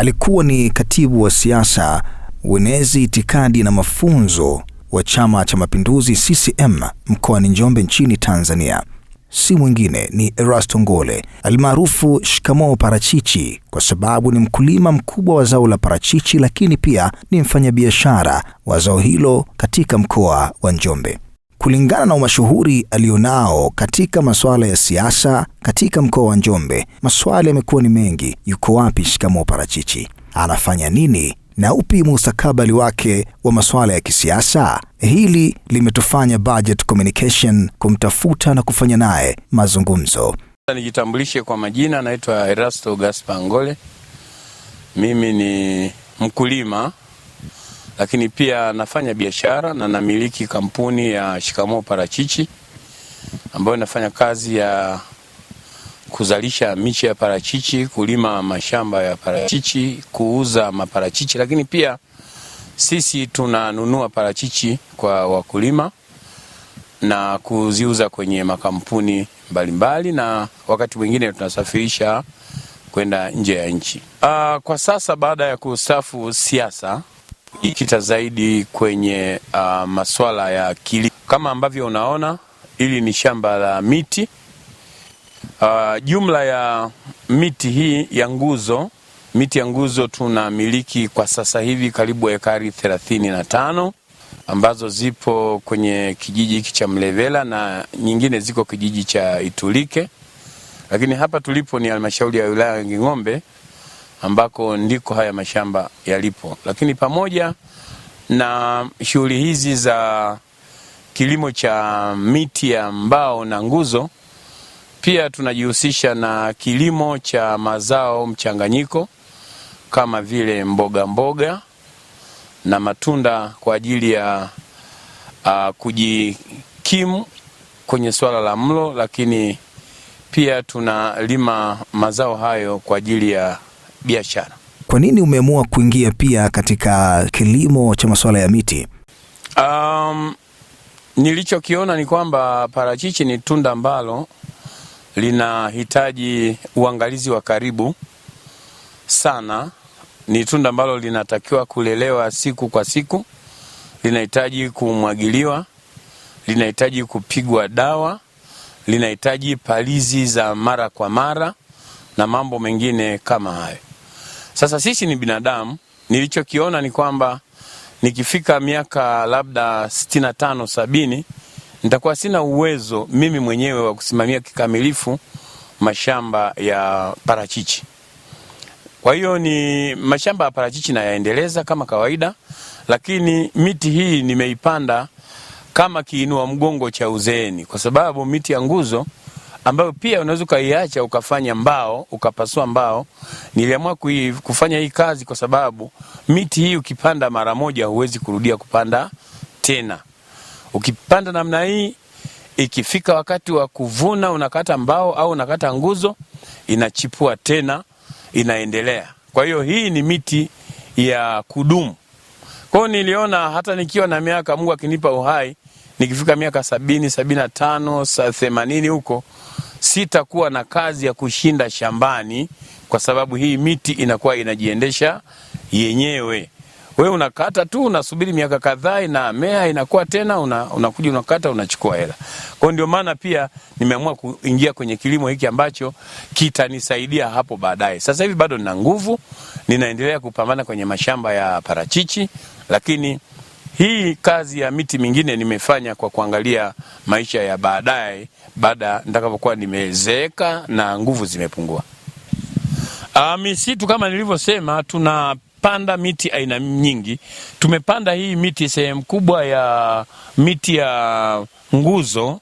Alikuwa ni katibu wa siasa, uenezi, itikadi na mafunzo wa Chama cha Mapinduzi CCM mkoani Njombe nchini Tanzania. Si mwingine ni Erasto Ngole almaarufu Shikamoo Parachichi, kwa sababu ni mkulima mkubwa wa zao la parachichi, lakini pia ni mfanyabiashara wa zao hilo katika mkoa wa Njombe. Kulingana na umashuhuri alionao katika masuala ya siasa katika mkoa wa Njombe, maswali yamekuwa ni mengi. Yuko wapi shikamoo parachichi? Anafanya nini na upi mustakabali wake wa masuala ya kisiasa? Hili limetufanya Budget Communication kumtafuta na kufanya naye mazungumzo. Nijitambulishe kwa majina, naitwa Erasto Gaspar Ngole. Mimi ni mkulima lakini pia nafanya biashara na namiliki kampuni ya Shikamoo Parachichi ambayo inafanya kazi ya kuzalisha miche ya parachichi, kulima mashamba ya parachichi, kuuza maparachichi, lakini pia sisi tunanunua parachichi kwa wakulima na kuziuza kwenye makampuni mbalimbali mbali, na wakati mwingine tunasafirisha kwenda nje ya nchi. Uh, kwa sasa baada ya kustafu siasa ikita zaidi kwenye uh, masuala ya kilimo. Kama ambavyo unaona, hili ni shamba la miti uh, jumla ya miti hii ya nguzo, miti ya nguzo tunamiliki kwa sasa hivi karibu ekari thelathini na tano ambazo zipo kwenye kijiji hiki cha Mlevela na nyingine ziko kijiji cha Itulike, lakini hapa tulipo ni halmashauri ya wilaya ya Nging'ombe ambako ndiko haya mashamba yalipo. Lakini pamoja na shughuli hizi za kilimo cha miti ya mbao na nguzo, pia tunajihusisha na kilimo cha mazao mchanganyiko kama vile mboga mboga na matunda kwa ajili ya uh, kujikimu kwenye swala la mlo, lakini pia tunalima mazao hayo kwa ajili ya biashara. Kwa nini umeamua kuingia pia katika kilimo cha masuala ya miti? Um, nilichokiona ni kwamba parachichi ni tunda ambalo linahitaji uangalizi wa karibu sana. Ni tunda ambalo linatakiwa kulelewa siku kwa siku, linahitaji kumwagiliwa, linahitaji kupigwa dawa, linahitaji palizi za mara kwa mara na mambo mengine kama hayo. Sasa sisi ni binadamu, nilichokiona ni kwamba nikifika miaka labda sitini na tano sabini nitakuwa sina uwezo mimi mwenyewe wa kusimamia kikamilifu mashamba ya parachichi. Kwa hiyo ni mashamba ya parachichi nayaendeleza kama kawaida, lakini miti hii nimeipanda kama kiinua mgongo cha uzeeni, kwa sababu miti ya nguzo ambayo pia unaweza ukaiacha ukafanya mbao ukapasua mbao. Niliamua kufanya hii kazi kwa sababu miti hii ukipanda mara moja huwezi kurudia kupanda tena. Ukipanda namna hii, ikifika wakati wa kuvuna, unakata mbao au unakata nguzo, inachipua tena, inaendelea. Kwa hiyo hii ni miti ya kudumu. Kwa hiyo niliona hata nikiwa na miaka, Mungu akinipa uhai, nikifika miaka sabini, sabini na tano, themanini huko sitakuwa na kazi ya kushinda shambani, kwa sababu hii miti inakuwa inajiendesha yenyewe. We unakata tu, unasubiri miaka kadhaa, na mea inakuwa tena, unakuja una unakata, unachukua hela. Kwa ndio maana pia nimeamua kuingia kwenye kilimo hiki ambacho kitanisaidia hapo baadaye. Sasa hivi bado nina nguvu, ninaendelea kupambana kwenye mashamba ya parachichi, lakini hii kazi ya miti mingine nimefanya kwa kuangalia maisha ya baadaye, baada nitakapokuwa nimezeeka na nguvu zimepungua. A, ah, misitu kama nilivyosema, tunapanda miti aina nyingi. Tumepanda hii miti sehemu kubwa ya miti ya nguzo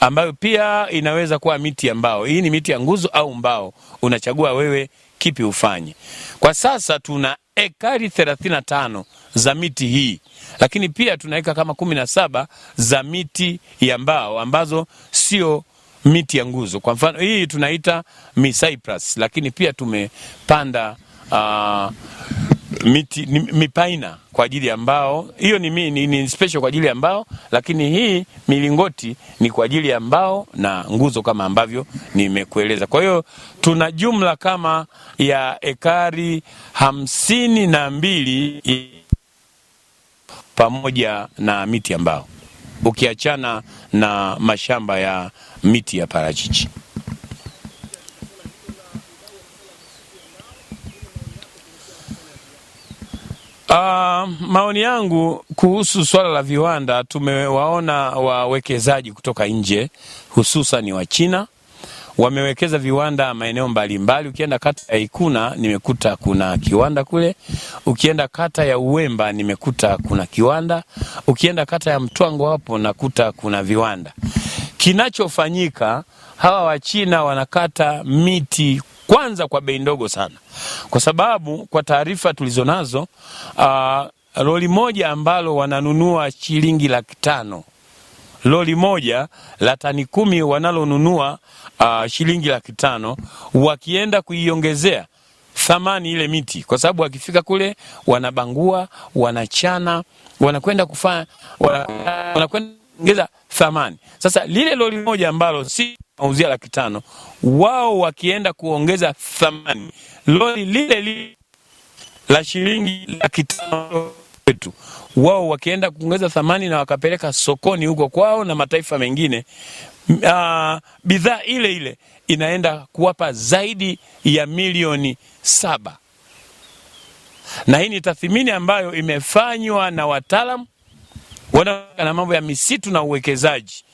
ambayo pia inaweza kuwa miti ya mbao. Hii ni miti ya nguzo au mbao, unachagua wewe kipi ufanye. Kwa sasa tuna ekari 35 za miti hii, lakini pia tunaweka kama kumi na saba za miti ya mbao ambazo sio miti ya nguzo. Kwa mfano hii tunaita misaipras, lakini pia tumepanda uh, miti, mipaina kwa ajili ya mbao. Hiyo ni, ni, ni special kwa ajili ya mbao, lakini hii milingoti ni kwa ajili ya mbao na nguzo kama ambavyo nimekueleza. Kwa hiyo tuna jumla kama ya ekari hamsini na mbili pamoja na miti ya mbao ukiachana na mashamba ya miti ya parachichi. Uh, maoni yangu kuhusu swala la viwanda, tumewaona wawekezaji kutoka nje hususan wa China wamewekeza viwanda maeneo mbalimbali. Ukienda kata ya Ikuna nimekuta kuna kiwanda kule, ukienda kata ya Uwemba nimekuta kuna kiwanda, ukienda kata ya Mtwango hapo nakuta kuna viwanda. Kinachofanyika, hawa Wachina wanakata miti kwanza kwa bei ndogo sana, kwa sababu kwa taarifa tulizonazo uh, ah, roli moja ambalo wananunua shilingi laki tano lori moja la tani kumi wanalonunua uh, shilingi laki tano wakienda kuiongezea thamani ile miti, kwa sababu wakifika kule wanabangua, wanachana, wanakwenda kufanya, wanakwenda kuongeza thamani. Sasa lile loli moja ambalo si mauzia laki tano, wao wakienda kuongeza thamani lori lile lile la shilingi laki tano wetu wao wakienda kuongeza thamani na wakapeleka sokoni huko kwao na mataifa mengine, uh, bidhaa ile ile inaenda kuwapa zaidi ya milioni saba na hii ni tathmini ambayo imefanywa na wataalamu wanaohusika na mambo ya misitu na uwekezaji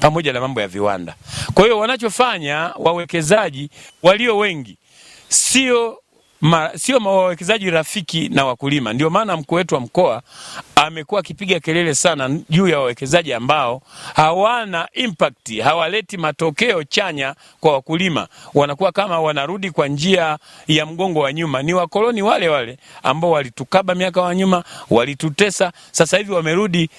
pamoja na mambo ya viwanda. Kwa hiyo wanachofanya wawekezaji walio wengi sio ma, sio wawekezaji rafiki na wakulima. Ndio maana mkuu wetu wa mkoa amekuwa akipiga kelele sana juu ya wawekezaji ambao hawana impact, hawaleti matokeo chanya kwa wakulima, wanakuwa kama wanarudi kwa njia ya mgongo wa nyuma. Ni wakoloni wale wale ambao walitukaba miaka wa nyuma, walitutesa, sasa hivi wamerudi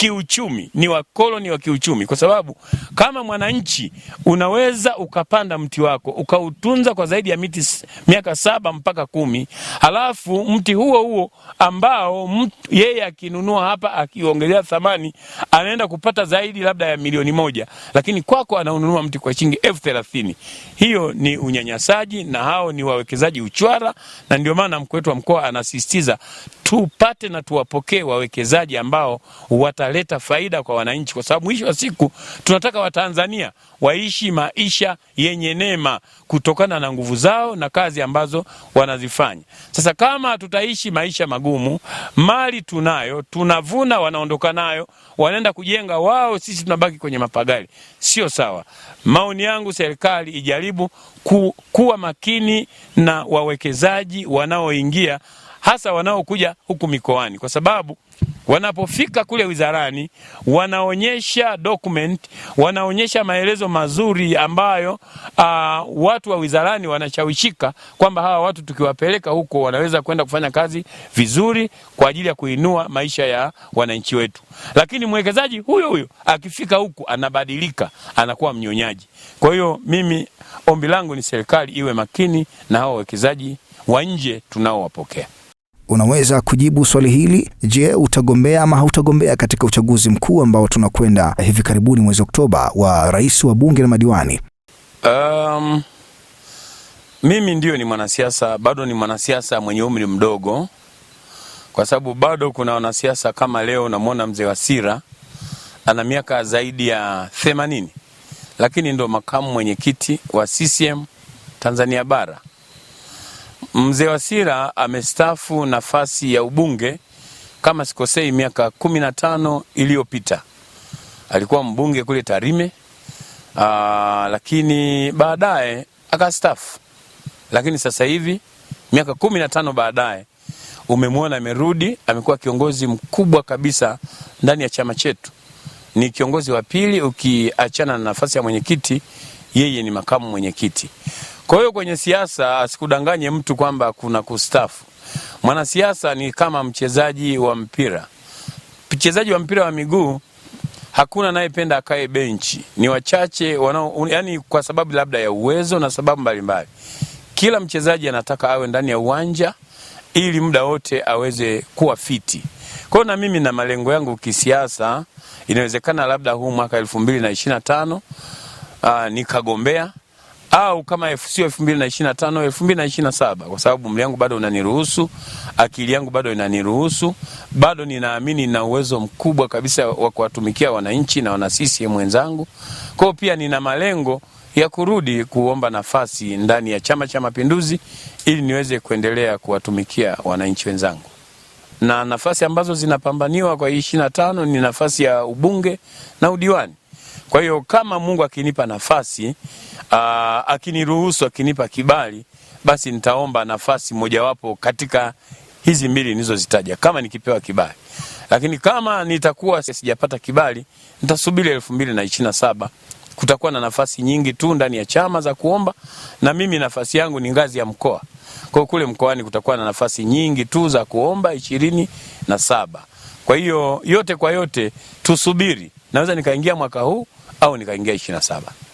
kiuchumi, ni wakoloni wa kiuchumi, kwa sababu kama mwananchi unaweza ukapanda mti wako ukautunza kwa zaidi ya miti miaka saba mpaka kumi, halafu mti huo huo ambao mtu, yeye akinunua hapa akiongelea thamani anaenda kupata zaidi labda ya milioni moja, lakini kwako anaununua mti kwa shilingi elfu thelathini. Hiyo ni unyanyasaji na hao ni wawekezaji uchwara, na ndio maana mkuu wetu wa mkoa anasisitiza tupate na tuwapokee wawekezaji ambao wataleta faida kwa wananchi, kwa sababu mwisho wa siku tunataka Watanzania waishi maisha yenye neema kutokana na nguvu zao na kazi ambazo wanazifanya. Sasa kama tutaishi maisha magumu, mali tunayo, tunavuna, wanaondoka nayo, wanaenda kujenga wao, sisi tunabaki kwenye mapagari, sio sawa. Maoni yangu, serikali ijaribu ku, kuwa makini na wawekezaji wanaoingia hasa wanaokuja huku mikoani, kwa sababu wanapofika kule wizarani wanaonyesha document, wanaonyesha maelezo mazuri ambayo uh, watu wa wizarani wanashawishika kwamba hawa watu tukiwapeleka huko wanaweza kwenda kufanya kazi vizuri kwa ajili ya kuinua maisha ya wananchi wetu. Lakini mwekezaji huyo huyo akifika huku anabadilika, anakuwa mnyonyaji. Kwa hiyo mimi ombi langu ni serikali iwe makini na hao wawekezaji wa nje tunaowapokea unaweza kujibu swali hili. Je, utagombea ama hautagombea katika uchaguzi mkuu ambao tunakwenda hivi karibuni mwezi Oktoba wa rais wa bunge na madiwani? Um, mimi ndio ni mwanasiasa, bado ni mwanasiasa mwenye umri mdogo, kwa sababu bado kuna wanasiasa kama leo unamwona mzee Wasira ana miaka zaidi ya themanini, lakini ndo makamu mwenyekiti wa CCM Tanzania bara Mzee Wasira amestafu nafasi ya ubunge kama sikosei, miaka kumi na tano iliyopita alikuwa mbunge kule Tarime. Aa, ah, lakini baadaye akastafu lakini sasa hivi miaka kumi na tano baadaye umemwona amerudi, amekuwa kiongozi mkubwa kabisa ndani ya chama chetu. Ni kiongozi wa pili, ukiachana na nafasi ya mwenyekiti, yeye ni makamu mwenyekiti. Kwa hiyo kwenye siasa asikudanganye mtu kwamba kuna kustafu. Mwanasiasa ni kama mchezaji wa mpira. Mchezaji wa mpira wa miguu hakuna anayependa akae benchi, ni wachache wanao, yani kwa sababu labda ya uwezo na sababu mbalimbali mbali. Kila mchezaji anataka awe ndani ya uwanja ili muda wote aweze kuwa fiti. Kwa hiyo na mimi na malengo yangu kisiasa, inawezekana labda huu mwaka elfu mbili na ishirini na tano ah, nikagombea au kama sio na saba kwa sababu umri yangu bado unaniruhusu, akili yangu bado inaniruhusu, bado ninaamini nina uwezo mkubwa kabisa wa kuwatumikia wananchi na wana CCM wenzangu. Kwa hiyo pia nina malengo ya kurudi kuomba nafasi ndani ya Chama cha Mapinduzi ili niweze kuendelea kuwatumikia wananchi wenzangu na nafasi ambazo zinapambaniwa kwa tano ni nafasi ya ubunge na udiwani. Kwa hiyo kama Mungu akinipa nafasi uh, akiniruhusu, akinipa kibali, basi nitaomba nafasi mojawapo katika hizi mbili nilizozitaja kama nikipewa kibali, lakini kama nitakuwa sijapata kibali, nitasubiri elfu mbili na ishirini na saba. Kutakuwa na nafasi nyingi tu ndani ya chama za kuomba, na mimi nafasi yangu ni ngazi ya mkoa. Kwa kule mkoani kutakuwa na nafasi nyingi tu za kuomba ishirini na saba. Kwa hiyo yote kwa yote tusubiri, naweza nikaingia mwaka huu au nikaingia ishirini na saba.